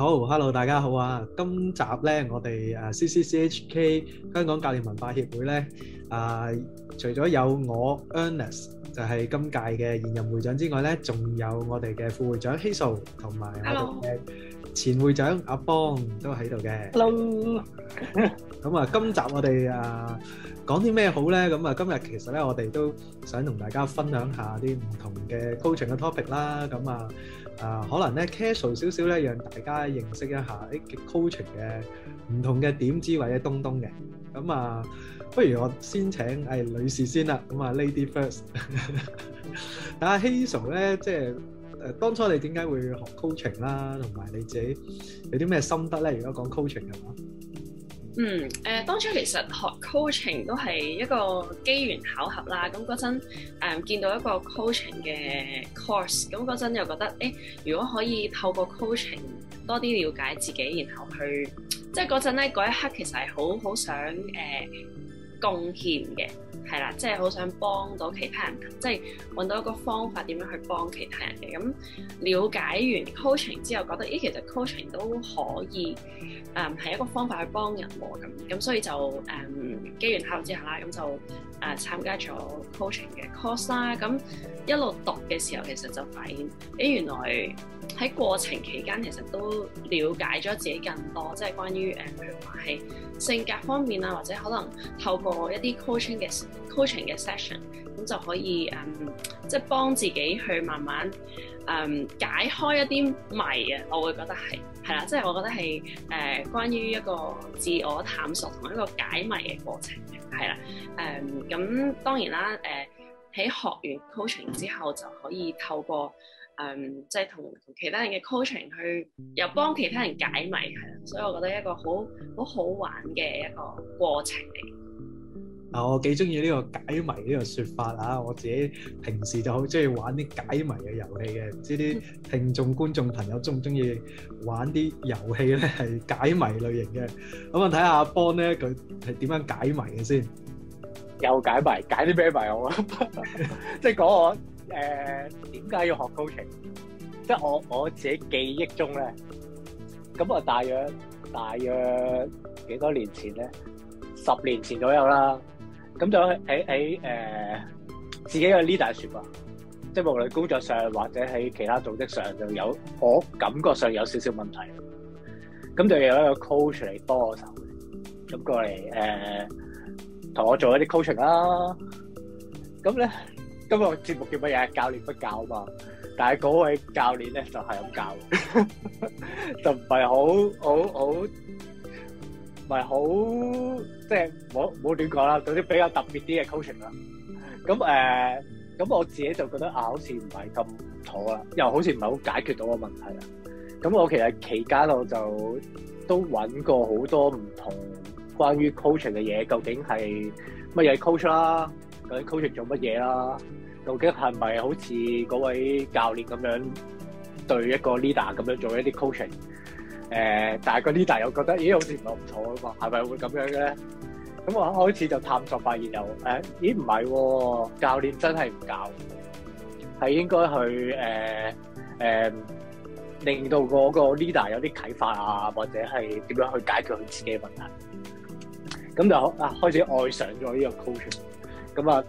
好，hello，大家好啊！今集咧，我哋誒 CCCHK 香港教練文化協會咧，誒除咗有我 Ernest 就係今屆嘅現任會長之外咧，仲有我哋嘅副會長 Hazel 同埋我哋嘅前會長阿邦都喺度嘅。Hello，咁啊，今集我哋啊講啲咩好咧？咁啊，今日其實咧，我哋都想同大家分享下啲唔同嘅 coaching 嘅 topic 啦，咁啊～啊，uh, 可能咧 casual 少少咧，讓大家認識一下啲 coaching 嘅唔同嘅點知或者東東嘅。咁啊，uh, 不如我先請誒、哎、女士先啦。咁啊，lady first。 但係 Hazel 咧，即係誒、呃、當初你點解會學 coaching 啦？同埋你自己有啲咩心得咧？如果講 coaching 嘅話？嗯，誒、呃，當初其實學 coaching 都係一個機緣巧合啦。咁嗰陣誒見到一個 coaching 嘅 course，咁嗰陣又覺得誒、欸，如果可以透過 coaching 多啲了解自己，然後去，即係嗰陣咧嗰一刻其實係好好想誒、呃，貢獻嘅。係啦，即係好想幫到其他人，即係揾到一個方法點樣去幫其他人嘅。咁了解完 coaching 之後，覺得咦，其實 coaching 都可以，誒、嗯、係一個方法去幫人喎。咁咁所以就誒機緣巧合之下啦，咁就，誒、呃、參加咗 coaching 嘅 course 啦，咁一路讀嘅時候，其實就發現誒、欸、原來喺過程期間，其實都了解咗自己更多，即係關於誒、呃、譬如話係性格方面啊，或者可能透過一啲 coaching 嘅 coaching 嘅 session，咁就可以誒即係幫自己去慢慢誒、嗯、解開一啲謎啊，我會覺得係。係啦，即係我覺得係誒、呃、關於一個自我探索同埋一個解謎嘅過程，係啦，誒、嗯、咁、嗯嗯、當然啦，誒、呃、喺學完 coaching 之後就可以透過誒即係同其他人嘅 coaching 去又幫其他人解謎，係啦，所以我覺得一個好好好玩嘅一個過程嚟。啊！我幾中意呢個解謎呢個說法啊！我自己平時就好中意玩啲解謎嘅遊戲嘅，唔知啲聽眾、觀眾朋友中唔中意玩啲遊戲咧係解謎類型嘅？咁啊，睇下阿 Pong 咧，佢係點樣解謎嘅先？又解謎，解啲咩謎好啊？即係講我誒點解要學高程？即係我我自己記憶中咧，咁啊，大約大約幾多年前咧，十年前左右啦。咁就喺喺誒自己嘅呢啲大說話，即係無論工作上或者喺其他組織上就有，我感覺上有少少問題。咁就有一個 coach 嚟幫我手，咁過嚟誒同我做一啲 coaching 啦。咁咧今日個節目叫乜嘢？教練不教嘛，但係嗰位教練咧就係咁教，就唔係好好好。唔係好，即係冇冇亂講啦，做啲比較特別啲嘅 coaching 啦。咁誒，咁、呃、我自己就覺得啊，好似唔係咁妥啦，又好似唔係好解決到個問題啦。咁我其實期間我就都揾過好多唔同關於 coaching 嘅嘢，究竟係乜嘢 coaching 啦？究竟 coaching 做乜嘢啦？究竟係咪好似嗰位教練咁樣對一個 leader 咁樣做一啲 coaching？誒、呃，但係嗰 leader 又覺得，咦，好似唔係唔錯啊嘛，係咪會咁樣嘅咧？咁我開始就探索，發現又誒，咦，唔係喎，教練真係唔教，係應該去誒誒、呃呃，令到嗰個 leader 有啲啟發啊，或者係點樣去解決佢自己嘅問題。咁就啊，開始愛上咗呢個 coaching。咁啊，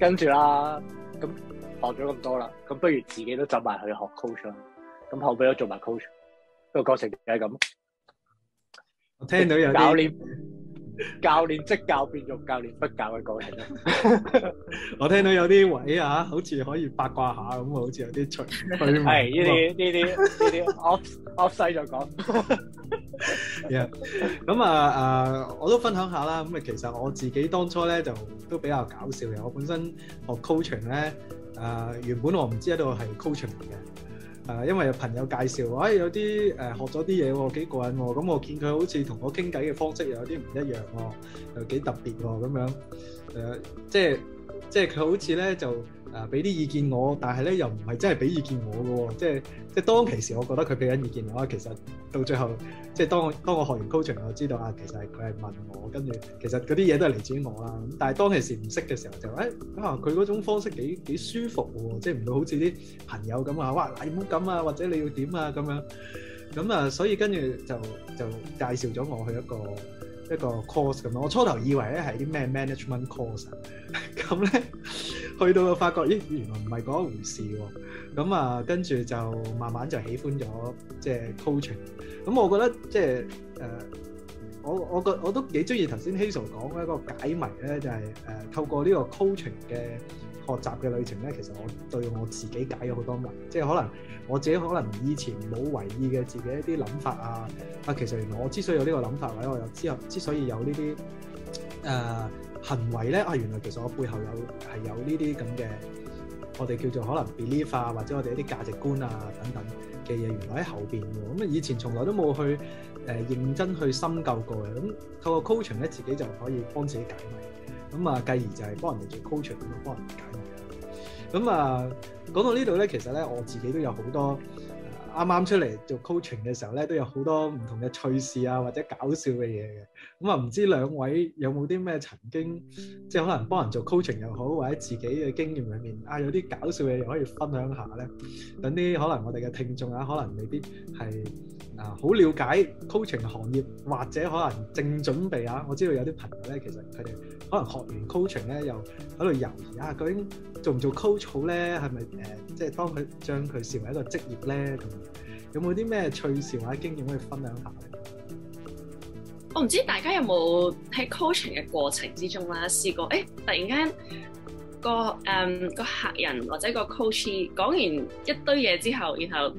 跟住啦，咁學咗咁多啦，咁不如自己都走埋去學 coaching。咁後尾都做埋 coaching。個過程係咁，我聽到有教練，教練即教變做教練不教嘅過程咯。我聽到有啲位啊，好似可以八卦下咁啊，好似有啲趣。係呢啲呢啲呢啲噏噏西就講。係啊，咁啊啊，我都分享下啦。咁啊，其實我自己當初咧就都比較搞笑嘅。我本身學 coaching 咧，誒，原本我唔知道係 coaching 嚟嘅。誒，因為有朋友介紹，哎，有啲誒、呃、學咗啲嘢喎，幾過癮喎。咁、嗯、我見佢好似同我傾偈嘅方式又有啲唔一樣喎、哦，又幾特別喎、哦。咁樣誒、呃，即係即係佢好似咧就。啊！俾啲意見我，但係咧又唔係真係俾意見我嘅喎、哦就是，即係即係當其時，我覺得佢俾緊意見我啊。其實到最後，即係當我當我學完 culture，我知道啊，其實係佢係問我，跟住其實嗰啲嘢都係嚟自我啦。咁但係當其時唔識嘅時候就誒、哎、啊，佢嗰種方式幾幾舒服喎、哦，即係唔會好似啲朋友咁啊，哇！你唔好咁啊，或者你要點啊咁樣咁啊，所以跟住就就介紹咗我去一個一個 course 咁咯。我初頭以為咧係啲咩 management course，咁、啊、咧。 去到又發覺咦，原來唔係嗰一回事喎。咁啊，跟、嗯、住、啊、就慢慢就喜歡咗即係 coaching。咁、嗯、我覺得即係誒，我我覺我都幾中意頭先 Hazel 講嗰個解謎咧，就係、是、誒、呃、透過呢個 coaching 嘅學習嘅旅程咧，其實我對我自己解咗好多謎。即係可能我自己可能以前冇為意嘅自己一啲諗法啊，啊其實我之所以有呢個諗法咧，或者我又之後之所以有呢啲誒。呃行為咧啊，原來其實我背後有係有呢啲咁嘅，我哋叫做可能 belief 啊，或者我哋一啲價值觀啊等等嘅嘢，原來喺後邊喎。咁啊，以前從來都冇去誒、呃、認真去深究過嘅。咁、嗯、透過 coaching 咧，自己就可以幫自己解密。咁、嗯、啊，繼而就係幫人哋做 coaching 咁樣幫人解密。咁、嗯、啊，講到呢度咧，其實咧我自己都有好多。啱啱出嚟做 coaching 嘅時候咧，都有好多唔同嘅趣事啊，或者搞笑嘅嘢嘅。咁啊，唔知兩位有冇啲咩曾經，即係可能幫人做 coaching 又好，或者自己嘅經驗裏面啊，有啲搞笑嘅嘢可以分享下咧，等啲可能我哋嘅聽眾啊，可能未必係，啊，好了解 coaching 行業，或者可能正準備啊。我知道有啲朋友咧，其實佢哋可能學完 coaching 咧，又喺度猶豫啊，究竟做唔做 coach 好咧，係咪誒，即、呃、係、係、當佢將佢視為一個職業咧？咁有冇啲咩趣事或者經驗可以分享下？我唔知大家有冇喺 coaching 嘅過程之中啦，試過誒、欸，突然間個誒、嗯、個客人或者個 coach 講完一堆嘢之後，然後。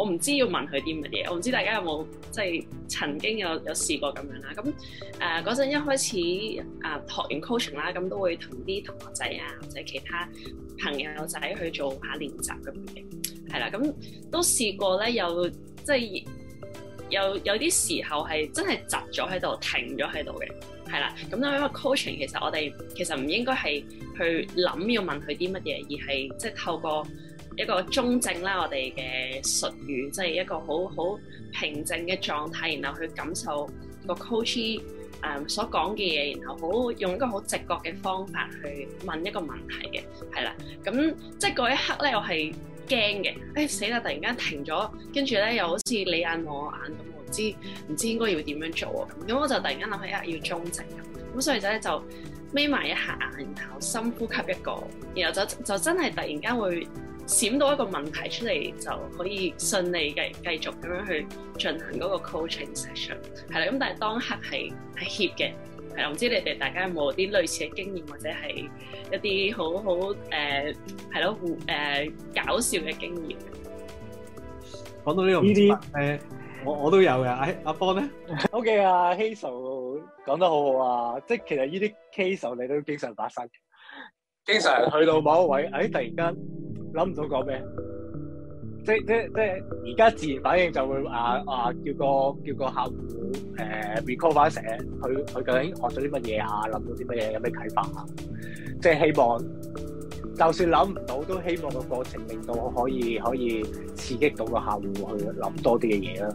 我唔知要問佢啲乜嘢，我唔知大家有冇即係曾經有有試過咁樣啦。咁誒嗰陣一開始誒、呃、學完 coaching 啦，咁都會同啲同學仔啊，或者其他朋友仔去做下練習咁樣嘅，係啦。咁都試過咧，有即係，有，有啲時候係真係窒咗喺度，停咗喺度嘅，係啦。咁因為 coaching 其實我哋其實唔應該係去諗要問佢啲乜嘢，而係即係透過。一個中正啦，我哋嘅術語，即係一個好好平靜嘅狀態，然後去感受個 coachee、呃、所講嘅嘢，然後好用一個好直覺嘅方法去問一個問題嘅，係啦。咁即係嗰一刻咧，我係驚嘅，哎死啦！突然間停咗，跟住咧又好似你眼我眼咁，我唔知唔知應該要點樣做啊？咁我就突然間諗起啊，要中正咁，所以呢就咧就眯埋一下眼，然後深呼吸一個，然後就就，就真係突然間會。閃到一個問題出嚟，就可以順利繼繼續咁樣去進行嗰個 coaching session，係啦。咁但係當刻係係怯嘅，係啊。唔知你哋大家有冇啲類似嘅經驗，或者係一啲好好誒係咯誒搞笑嘅經驗。講到呢度，呢啲誒我我都有嘅、啊。阿阿 Pong 咧，O K 啊，Hazel、 okay, 講得好好啊。即係其實呢啲 case 你都經常發生，經常去到某一位，誒、哎、突然間。諗唔到講咩，即係即係即係而家自然反應就會啊啊叫個叫個客戶誒 recall 翻成日，佢、呃、佢究竟學咗啲乜嘢啊？諗到啲乜嘢有咩啟發啊？即係希望，就算諗唔到，都希望個過程令到我可以可以刺激到個客戶去諗多啲嘅嘢啦。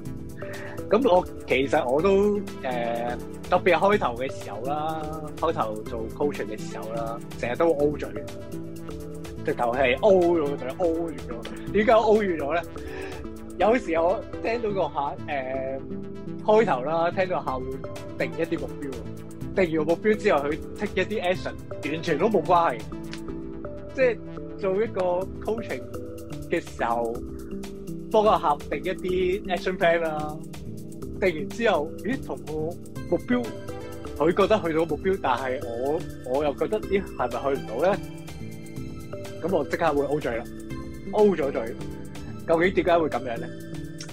咁我其實我都誒、呃、特別開頭嘅時候啦，開頭做 coaching 嘅時候啦，成日都 O 嘴。直頭係 O 咗，仲要 O 咗，點解 O 咗咧？有時我聽到個客，誒、呃、開頭啦，聽到客戶定一啲目標，定完目標之後佢 take 一啲 action，完全都冇關係。即係做一個 coaching 嘅時候，幫個客定一啲 action plan 啦。定完之後，咦，同個目標，佢覺得去到目標，但係我我又覺得，咦，係咪去唔到咧？咁我即刻會 O 嘴啦，O 咗嘴。究竟點解會咁樣咧？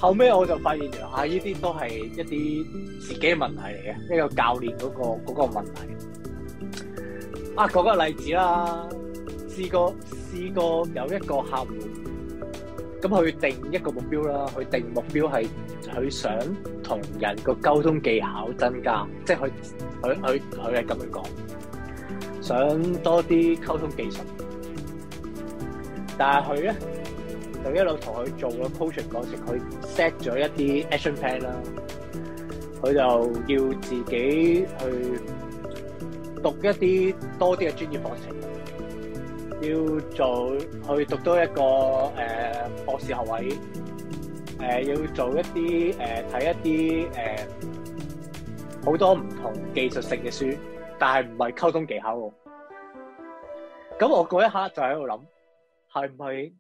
後尾我就發現，啊，呢啲都係一啲自己嘅問題嚟嘅，一個教練嗰個嗰個問題。啊，講個例子啦，試過試過有一個客戶，咁佢定一個目標啦，佢定目標係佢想同人個溝通技巧增加，即係佢佢佢佢係咁樣講，想多啲溝通技術。但係佢咧就一路同佢做個 position 過程，佢 set 咗一啲 action plan 啦。佢就要自己去讀一啲多啲嘅專業課程，要做去讀多一個誒博士學位。誒要做一啲誒睇一啲誒好多唔同技術性嘅書，但係唔係溝通技巧喎。咁我嗰一刻就喺度諗。係咪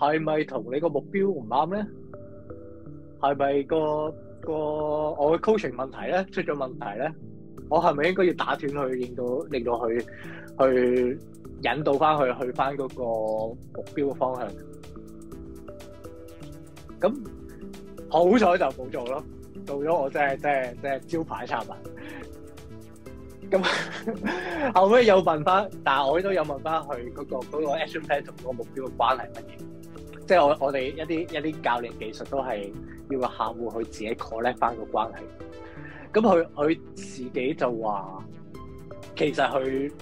係咪同你個目標唔啱咧？係咪個個我嘅 coaching 問題咧出咗問題咧？我係咪應該要打斷佢，令到令到佢去引導翻佢去翻嗰個目標嘅方向？咁好彩就冇做咯，做咗我真係真係真係招牌插民。咁 後尾有問翻、那個，但係我都有問翻佢嗰個 action plan，同嗰個目標嘅關係乜嘢？即係我我哋一啲一啲教練技術都係要個客戶佢自己 collect 翻個關係。咁佢佢自己就話，其實佢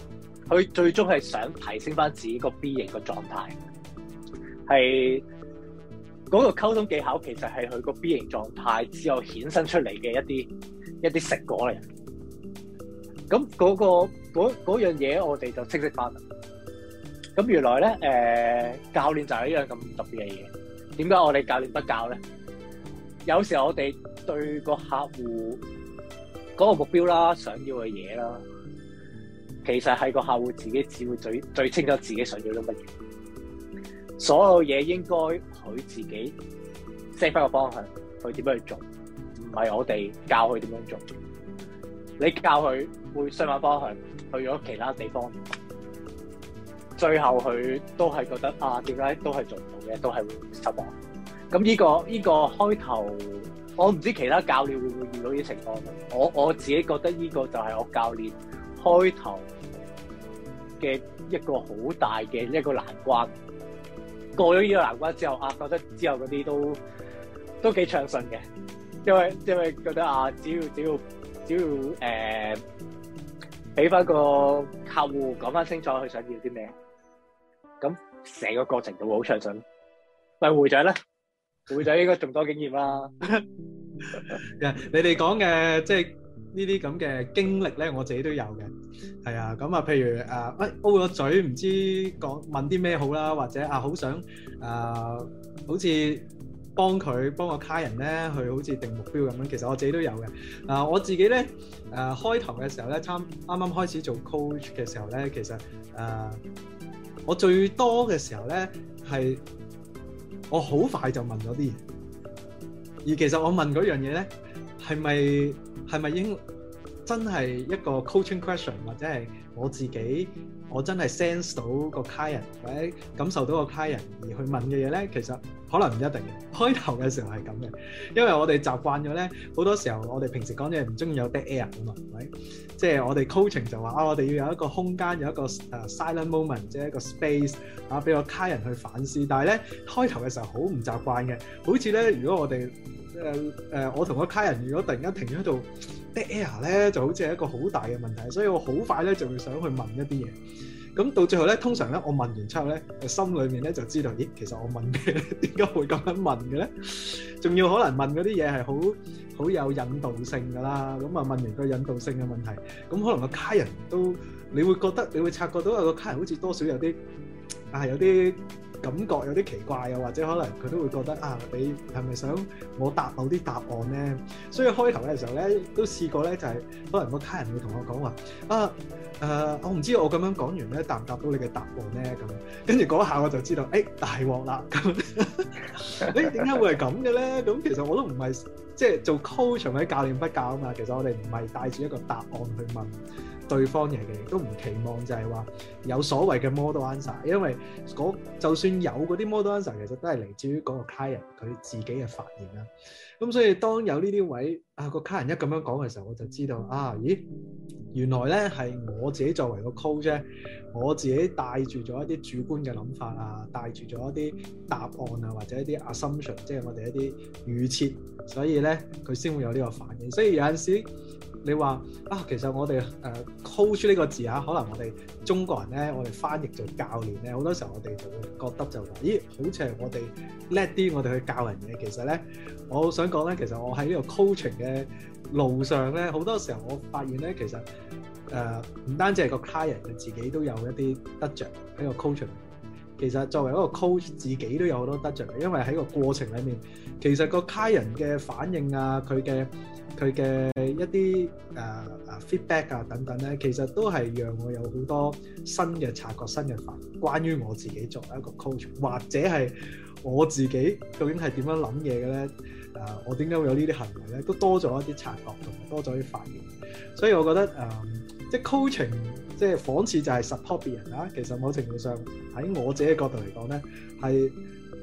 佢最終係想提升翻自己個 B 型嘅狀態，係嗰、那個溝通技巧其實係佢個 B 型狀態之後衍生出嚟嘅一啲一啲食果嚟。咁嗰、嗰個嗰樣嘢，我哋就清晰翻。咁原來咧，誒、呃、教練就係一樣咁特別嘅嘢。點解我哋教練不教咧？有時候我哋對個客戶嗰個目標啦、想要嘅嘢啦，其實係個客戶自己只會最最清楚自己想要啲乜嘢。所有嘢應該佢自己 set 翻個方向，佢點樣去做，唔係我哋教佢點樣做。你教佢會相反方向去咗其他地方，最後佢都係覺得啊，點解都係做唔到嘅，都係會失望。咁呢個呢個開頭，我唔知其他教練會唔會遇到呢啲情況。我我自己覺得呢個就係我教練開頭嘅一個好大嘅一個難關。過咗呢個難關之後，啊覺得之後嗰啲都都幾暢順嘅，因為因為覺得啊，只要只要只要誒俾翻個客戶講翻清楚佢想要啲咩，咁成個過程就會好暢順。但會長咧，會長應該仲多經驗啦。係，你哋講嘅即係呢啲咁嘅經歷咧，我自己都有嘅。係啊，咁啊，譬如誒，喂，噏咗嘴，唔知講問啲咩好啦，或者啊，好想誒，好似。幫佢幫個客人咧，去好似定目標咁樣。其實我自己都有嘅。嗱、呃，我自己咧，誒、呃、開頭嘅時候咧，參啱啱開始做 coach 嘅時候咧，其實誒、呃、我最多嘅時候咧，係我好快就問咗啲嘢。而其實我問嗰樣嘢咧，係咪係咪應，是真係一個 coaching question，或者係我自己，我真係 sense 到個 client 或者感受到個 client 而去問嘅嘢咧，其實可能唔一定嘅。開頭嘅時候係咁嘅，因為我哋習慣咗咧，好多時候我哋平時講嘢唔中意有 dead air 啊嘛，係咪？即係我哋 coaching 就話啊，我哋要有一個空間有一個誒 silent moment，即係一個 space 啊，俾個 client 去反思。但係咧開頭嘅時候好唔習慣嘅，好似咧如果我哋誒誒我同個 client 如果突然間停咗喺度。啲 air 咧就好似係一個好大嘅問題，所以我好快咧就會想去問一啲嘢。咁到最後咧，通常咧我問完之後咧，心裏面咧就知道，咦，其實我問嘅，點解會咁樣問嘅咧？仲要可能問嗰啲嘢係好好有引導性噶啦。咁啊，問完個引導性嘅問題，咁可能個客人都，你會覺得，你會察覺到啊，個客人好似多少有啲啊，有啲，感覺有啲奇怪，又或者可能佢都會覺得啊，你係咪想我答某啲答案咧？所以開頭嘅時候咧，都試過咧，就係、是、可能個客人會同我講話啊，誒、呃，我唔知我咁樣講完咧，答唔答到你嘅答案咧？咁跟住嗰下我就知道，誒大鑊啦！誒點解會係咁嘅咧？咁其實我都唔係即係做 coaching，教，教練不教啊嘛。其實我哋唔係帶住一個答案去問。對方亦嘅亦都唔期望就係話有所謂嘅 model answer，因為就算有嗰啲 model answer，其實都係嚟自於嗰個 client 佢自己嘅發言啦。咁所以當有呢啲位啊，個 client 一咁樣講嘅時候，我就知道啊，咦，原來咧係我自己作為個 coach，我自己帶住咗一啲主觀嘅諗法啊，帶住咗一啲答案啊，或者一啲 assumption，即係我哋一啲預設，所以咧佢先會有呢個反應。所以有陣時。你話啊，其實我哋誒、呃、coaching 呢個字啊，可能我哋中國人咧，我哋翻譯做教練咧，好多時候我哋就會覺得就話，咦，好似係我哋叻啲，我哋去教人嘅。其實咧，我想講咧，其實我喺呢個 coaching 嘅路上咧，好多時候我發現咧，其實誒唔、呃、單止係個 client 佢自己都有一啲得着。喺、呢個 coaching 其實作為一個 coach，自己都有好多得著嘅，因為喺個過程裡面，其實個 client 嘅反應啊，佢嘅佢嘅一啲誒誒 feedback 啊等等咧，其實都係讓我有好多新嘅察覺、新嘅發覺，關於我自己作為一個 coach，或者係我自己究竟係點樣諗嘢嘅咧？誒，我點解會有呢啲行為咧？都多咗一啲察覺同埋多咗啲發現，所以我覺得誒，即係 coaching。即係仿似就係 support 別人啦。其實某程度上喺我自己角度嚟講咧，係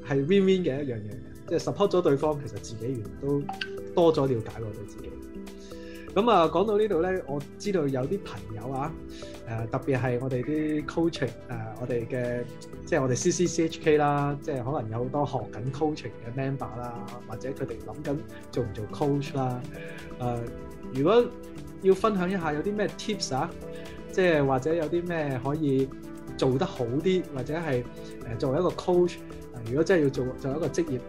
係 win win 嘅一樣嘢。即係 support 咗對方，其實自己原來都多咗了解過自己。咁啊，講到呢度咧，我知道有啲朋友啊，誒、呃、特別係我哋啲 coaching 誒、呃，我哋嘅即係我哋 CCCHK 啦，即係可能有好多學緊 coaching 嘅 member 啦，或者佢哋諗緊做唔做 coach 啦。誒、呃，如果要分享一下有啲咩 tips 啊？即係或者有啲咩可以做得好啲，或者係誒作為一個 coach，如果真係要做做一個職業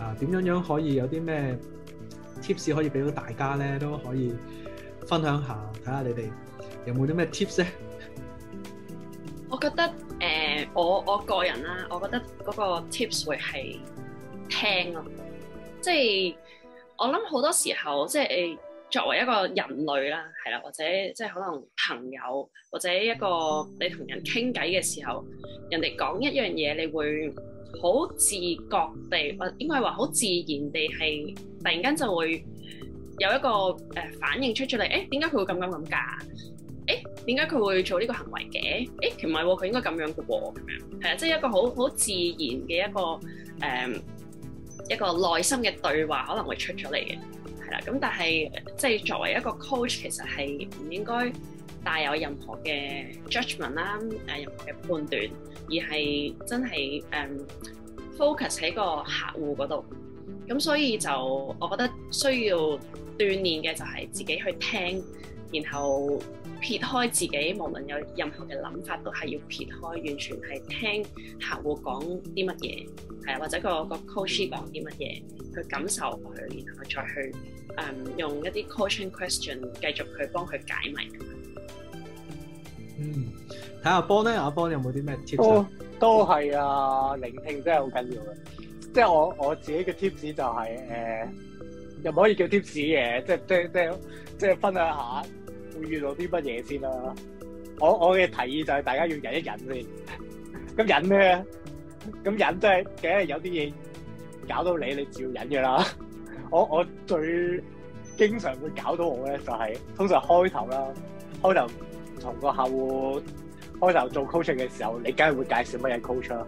啊，點樣樣可以有啲咩 tips 可以俾到大家咧，都可以分享下，睇下你哋有冇啲咩 tips 咧？我覺得誒、就是，我我個人啦，我覺得嗰個 tips 會係聽咯，即係我諗好多時候即係，就是作為一個人類啦，係啦，或者即係可能朋友，或者一個你同人傾偈嘅時候，人哋講一樣嘢，你會好自覺地或應該話好自然地係突然間就會有一個誒、呃、反應出咗嚟。誒點解佢會咁咁咁㗎？誒點解佢會做呢個行為嘅？誒唔係喎，佢應該咁樣嘅噃、哦，咁樣係啊，即係一個好好自然嘅一個誒、呃、一個內心嘅對話可能會出咗嚟嘅。咁但係即係作為一個 coach，其實係唔應該帶有任何嘅 judgment 啦，誒任何嘅判斷，而係真係誒、um, focus 喺個客戶嗰度。咁所以就我覺得需要鍛鍊嘅就係自己去聽。然後撇開自己，無論有，有任何嘅諗法，都係要撇開，完全係聽客戶講啲乜嘢，係啊、嗯，或者個個 coach a 講啲乜嘢，去感受佢，然後再去誒用一啲 coaching question 繼續去幫佢解密。嗯，睇下、嗯、波咧，阿波有冇啲咩 tips、oh, 啊、都係啊，聆聽真係好緊要嘅。即係我我自己嘅 tips 就係、是、誒、呃，又唔可以叫 tips 嘅，即係即即即分享下。會遇到啲乜嘢先啦，啊？我我嘅提議就係大家要忍一忍先。咁 忍咩？咁忍即係梗係有啲嘢搞到你，你照忍嘅啦。 我我最經常會搞到我咧，就係，就係通常開頭啦，開頭同個客戶開頭做 coaching 嘅時候，你梗係會介紹乜嘢 coaching，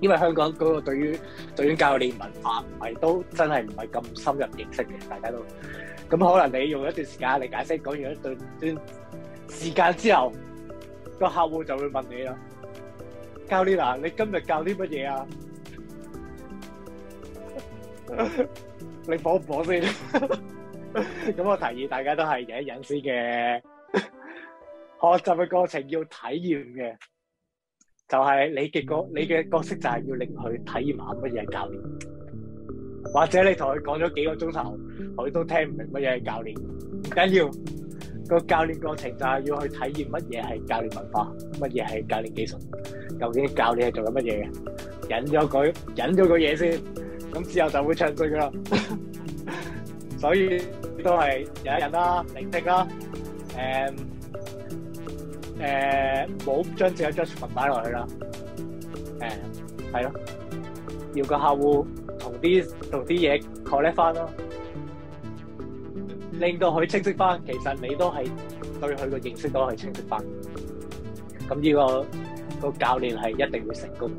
因為香港嗰個對於對於教練文化啊，唔係都真係唔係咁深入認識嘅，大家都。咁可能你用一段時間嚟解釋，講完一段段時間之後，個客戶就會問你啦：教練啊，你今日教啲乜嘢啊？你火唔火先？咁我提議，大家都係嘅，隱私嘅學習嘅過程要體驗嘅，就係你嘅角，你嘅角色就係要令佢體驗下乜嘢教練。或者你同佢講咗幾個鐘頭，佢都聽唔明乜嘢係教練，唔緊要，個教練過程就係要去體驗乜嘢係教練文化，乜嘢係教練技術，究竟教練係做緊乜嘢嘅，引咗佢，引咗個嘢先，咁之後就會唱句噶啦，所以都係忍一忍啦，聆聽啦，誒誒，冇將自己 judgment 擺落去啦，誒係咯，要個客戶。同啲同啲嘢 collate 翻咯，令到佢清晰翻。其實你都係對佢個認識都係清晰翻。咁呢個個教練係一定會成功。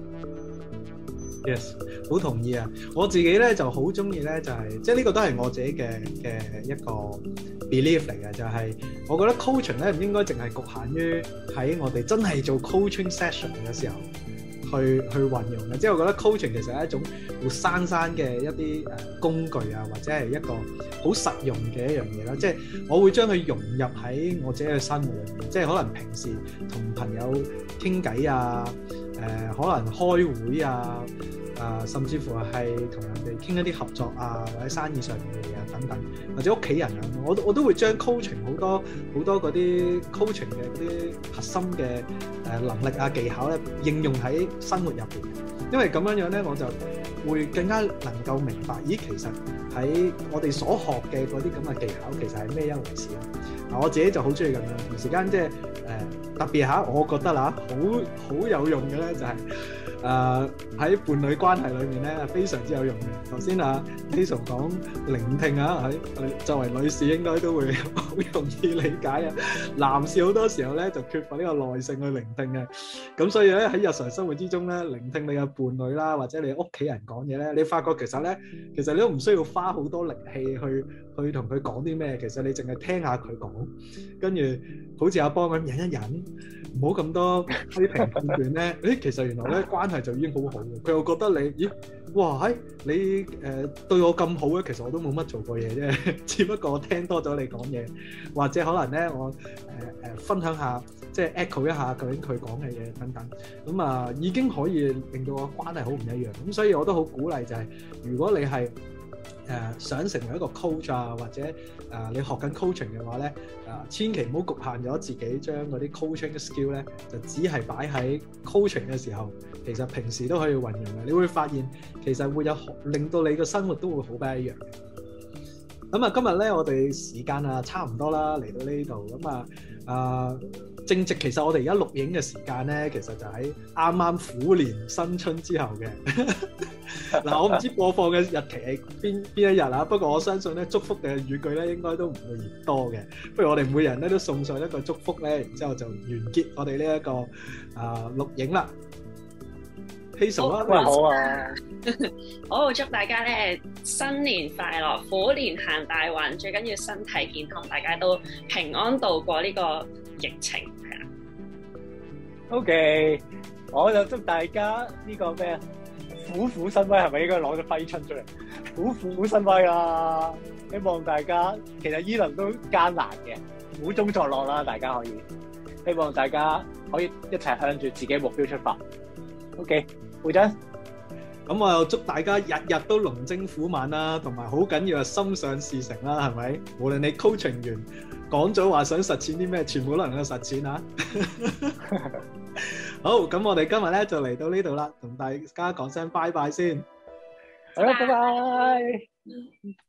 Yes，好同意啊！我自己咧就好中意咧，就係、就是、即係呢個都係我自己嘅嘅一個 belief 嚟嘅，就係、是、我覺得 coaching 咧唔應該淨係局限於喺我哋真係做 coaching session 嘅時候。去去運用嘅，即係我覺得 coaching 其實係一種活生生嘅一啲誒工具啊，或者係一個好實用嘅一樣嘢啦。即係我會將佢融入喺我自己嘅生活入面，即係可能平時同朋友傾偈啊。誒、呃、可能開會啊，啊、呃、甚至乎係同人哋傾一啲合作啊，或者生意上嘅嘢啊等等，或者屋企人啊，我我都會將 coaching 好多好多嗰啲 coaching 嘅嗰啲核心嘅誒能力啊技巧咧，應用喺生活入邊，因為咁樣樣咧我就會更加能夠明白，咦其實喺我哋所學嘅嗰啲咁嘅技巧其實係咩一回事啊！嗱、呃，我自己就好鍾意咁樣，同時間即係。特別嚇，我覺得嚇，好好有用嘅咧，就是，就係誒。喺伴侶關係裏面咧，非常之有用嘅。頭先啊，Hazel 講聆聽啊，喺作為女士應該都會好容易理解啊。男士好多時候咧就缺乏呢個耐性去聆聽嘅，咁所以咧喺日常生活之中咧，聆聽你嘅伴侶啦，或者你屋企人講嘢咧，你發覺其實咧，其實你都唔需要花好多力氣去去同佢講啲咩，其實你淨係聽下佢講，跟住好似阿邦咁忍一忍，唔好咁多批評判斷咧。誒， 其實原來咧關係就已經好好。佢又覺得你，咦？哇！唉，你誒對我咁好咧，其實我都冇乜做過嘢啫，只不過我聽多咗你講嘢，或者可能咧我誒誒分享下，即係 echo 一下究竟佢講嘅嘢等等，咁啊已經可以令到我關係好唔一樣。咁所以我都好鼓勵，就係如果你係。誒、呃、想成為一個 coach 啊，或者誒、呃、你學緊 coaching 嘅話咧，誒、呃、千祈唔好局限咗自己將嗰啲 coaching skill 咧，就只係擺喺 coaching 嘅時候，其實平時都可以運用嘅。你會發現其實會有令到你嘅生活都會好不一樣。咁啊，今日咧我哋時間啊差唔多啦，嚟到呢度咁啊誒正值其實我哋而家錄影嘅時間咧，其實就喺啱啱虎年新春之後嘅。 嗱，我唔知播放嘅日期係邊邊一日啊，不過我相信咧祝福嘅語句咧，應該都唔會嫌多嘅。不如我哋每人咧都送上一個祝福咧，然之後就完結我哋呢一個啊錄影啦。希松啊，歡迎我啊！好，祝大家咧新年快樂，虎年行大運，最緊要身體健康，大家都平安度過呢個疫情係啊。OK，我就祝大家呢個咩啊？虎虎生威，係咪應該攞咗揮春出嚟？虎虎虎生威啊！希望大家，其實呢輪都艱難嘅，苦中作樂啦，大家可以，希望大家可以一齊向住自己目標出發。OK，會長，咁我又祝大家日日都龍精虎猛啦，同埋好緊要嘅心想事成啦，係咪？無論你 coaching 完講咗話想實踐啲咩，全部都能夠實踐啊！ 好，咁我哋今日咧就嚟到呢度啦，同大家講聲拜拜先，好啦，拜拜。